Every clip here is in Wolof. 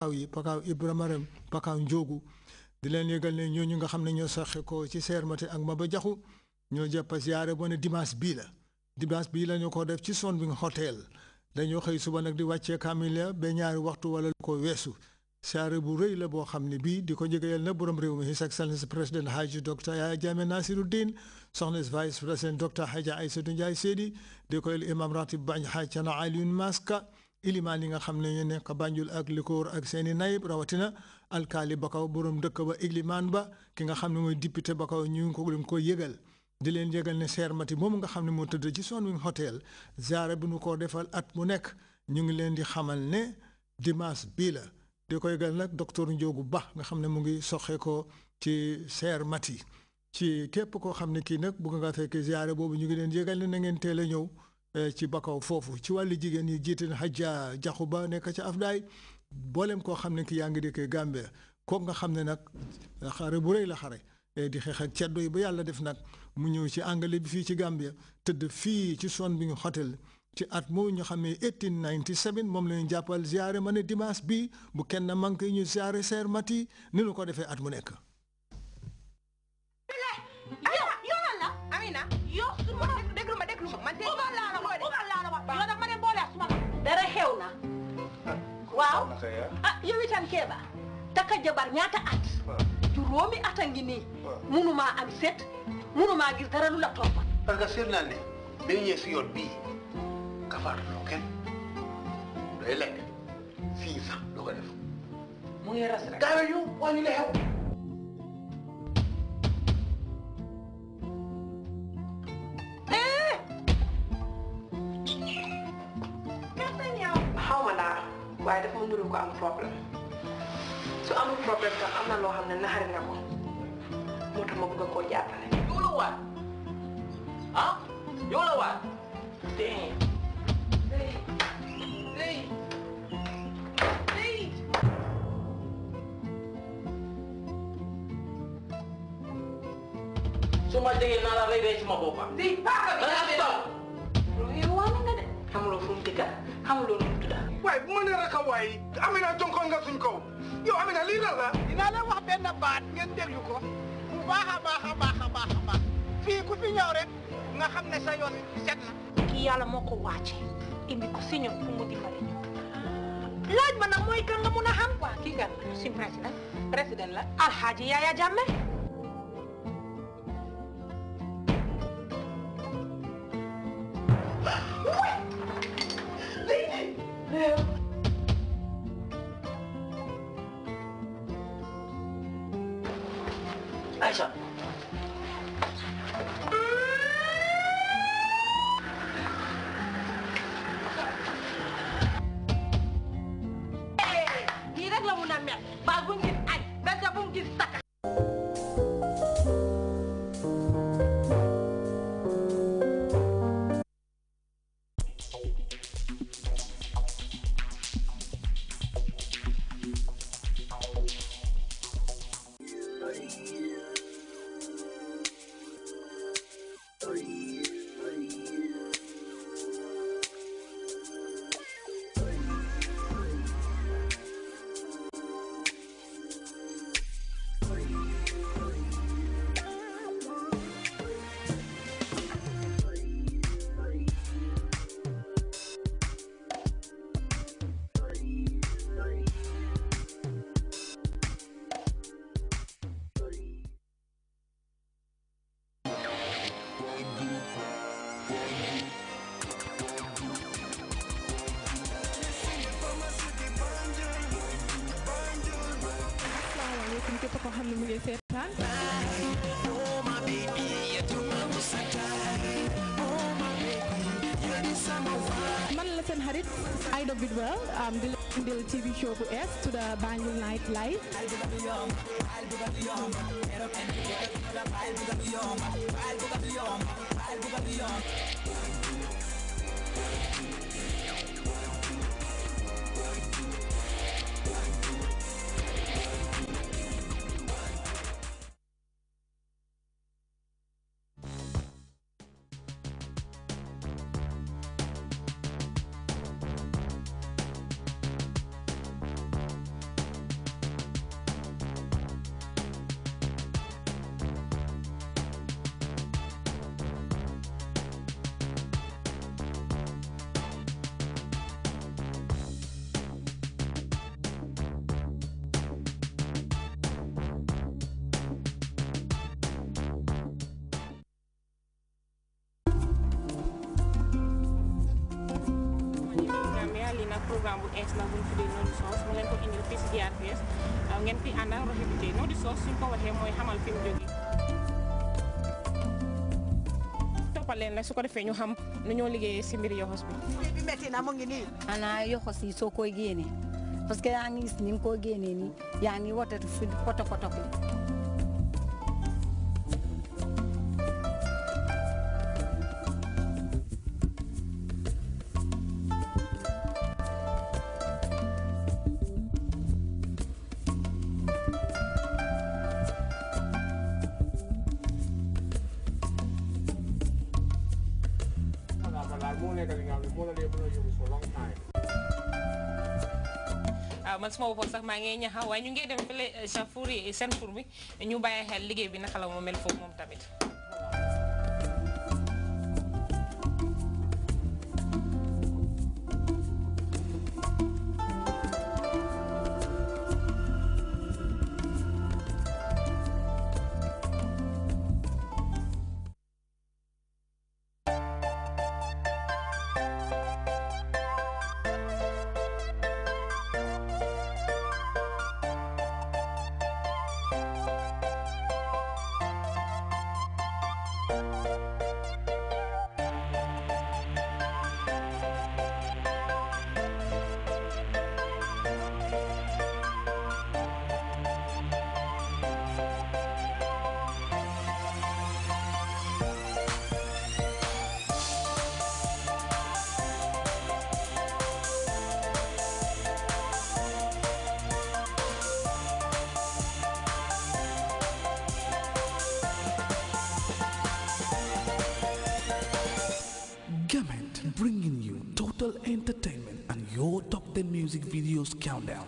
pakaaw yi pakaaw Ibra Marem pakaaw Njoogu di leen yëgal ne ñooñu nga xam ne ñoo saxe ko ci Sayer Maté ak ma ba Jaxu ñoo jàppa siyaare bo ne dimanche bii la dimanche bii la ñu ko def ci son bi nga hôtel dañoo xëy suba nag di wàccee kaamil ba ñaari waxtu wala ko weesu siyaare bu rëy la boo xam ne bii di ko njëgeyal na borom réew mi His Excellence président Haji docteur Yaya Jammeh Nasiruddin soxna si vice président docteur Haja Aïssatou Ndiaye Seydi di ko yel imam ratib bañ xaaj cana ilimaan yi nga xam ne ñu nekk Banjul ak li ko wër ak seen i nayib rawatina alkaali Bakaw borom dëkk ba ilimaan ba ki nga xam ne mooy député Bakaw ñu ngi ko leen ko yëgal di leen yëgal ne seer mati moom nga xam ne moo tëdd ci Sunwing Hotel zaare bu nu ko defal at mu nekk ñu ngi leen di xamal ne dimanche bii la di koy gal nag docteur Ndiogu Ba nga xam ne mu ngi soxe ko ci seer mati ci képp koo xam ne kii nag bëgg nga fekk ziare boobu ñu ngi leen yëgal ne na ngeen teel a ñëw. Eh, ci Bakaw foofu ci wàllu jigéen ñi jiite na Hadja Jaxu Ba nekk ca Afdaay booleem koo xam ne ki yaa ngi dëkkee Gàmbe kook nga xam ne nag eh, xare bu rëy la xare eh, di xeex ceddo yi ba yàlla def nag mu ñëw ci angale bi fii ci Gambia tëdd fii ci son bi nga hôtel ci at moo ñu xam ne 1897 moom la ñu jàppal ma ne dimanche bi bu kenn manqué ñu ziare seer mati ni ñu ko defee at mu nekk. waaw ah yow itam Kéba takka jabar ñaata at juróomi at a ngi nii munumaa am set munumaa dara lu la toppa parce que seet naa ne day si yoon bii kafaar loo kenn day lekk six cent loo ko def mu ngi ras rek gaawe ñu waa ñu dundu ko am problème su amul problème tam am na loo xam ne naxari na ko moo tax bëgg koo jàppale yow la waat ah yow la waat dee suma naa la ci ma bi xamuloo waay bu ma nee raka waay Amina nga suñ yow Amina lii lan la. dinaa leen wax benn baat ngeen déglu ko bu baax a baax fii ku fi ñëw rek nga xam ne sa set na. kii yàlla moo ko wàccee indi ko si ñun fu mu dimbale ñu laaj ma nag mooy kan nga mun a xam. waa kii kan suñ président président la Alhaji Yaya Jammeh. man I do it well. i am di the um, TV show bu ees tudd Banjul Night Live programme bu ees la bu ñu tuddee Nodi Sauce mu leen ko indil fii si GRTS ngeen fi àndal Rohey Biteye Nodi Sauce suñ ko waxee mooy xamal fi mu jógee. toppal leen nag su ko defee ñu xam nu ñoo liggéeyee si mbir yoxos bi. na mu ngi nii. xanaa yoxos soo koy génnee parce que yaa ngi ni ko génnee nii yaa ngi wotatu fi potopoto bi. waaw man suma boppoon sax maa ngi ñaxa waaye ñu ngi dem fële Safour eh, yi eh, seen fur bi ñu bàyyi liggéey bi naka la mu mel foofu moom tamit.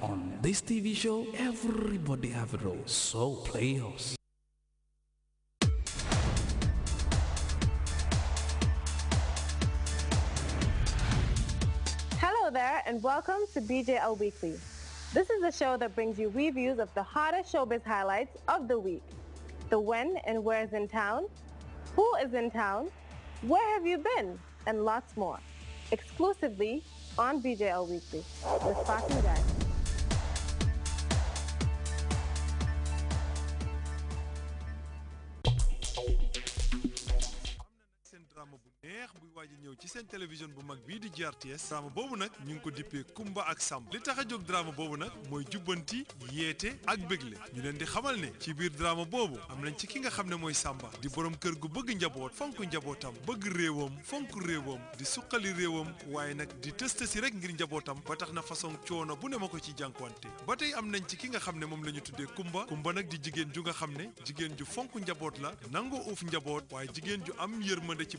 on this TV show. Everybody have a role, so play us. Hello there, and welcome to BJL Weekly. This is the show that brings you reviews of the hottest showbiz highlights of the week. The when and where is in town, who is in town, where have you been, and lots more. Exclusively on BJL Weekly with Fox and saama bu neex buy waaj a ñëw ci seen télévision bu mag bii di GRTS saama boobu nag ñu ngi ko dippee Kumba ak Samba li tax a jóg drama boobu nag mooy jubbanti yeete ak bégle ñu leen di xamal ne ci biir drama boobu am nañ ci ki nga xam ne mooy Samba di borom kër gu bëgg njaboot fonk njabootam bëgg réewam fonk réewam di suqali réewam waaye nag di tësta si rek ngir njabootam ba tax na façon coono bu ne ma ko ci jànkuwante ba tey am nañ ci ki nga xam ne moom la ñu tuddee Kumba Kumba nag di jigéen ju nga xam ne jigéen ju fonk njaboot la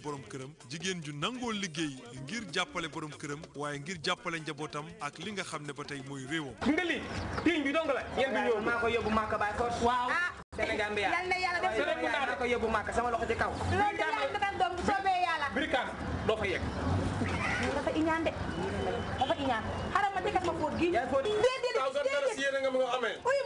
borom këram jigéen ju nangoo liggéey ngir jàppale borom këram waaye ngir jàppale njabootam ak li nga xam ne ba tey mooy réewam. nga lii tiiñ bi dong la. yéen bi ñëw maa ko yóbbu Màkka baay force. waaw ah, Sénégal bi yàlla na yàlla def maa ko yóbbu Màkka sama loxo ci kaw. loolu de laaj na doom bu soobee yàlla. Birikaana doo fa yegg. dafa iñaan de dafa iñaan xaaral ma jëkkat ma fóot gi. déedéet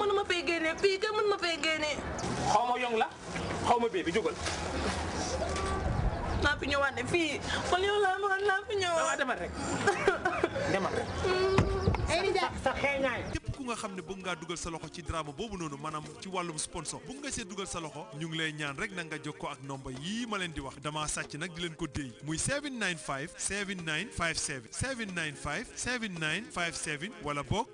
fee génnee fii kenn mën ma ma yong ñëwaat de fii man ku nga xam ne bëgg ngaa dugal sa loxo ci drama boobu noonu maanaam ci wàllum sponsor bëgg nga see dugal sa loxo ñu ngi lay ñaan rek na nga jokkoo ak nomba yii ma leen di wax damaa sàcc nag di leen ko déy muy 795 79 57 795 79 57 wala boog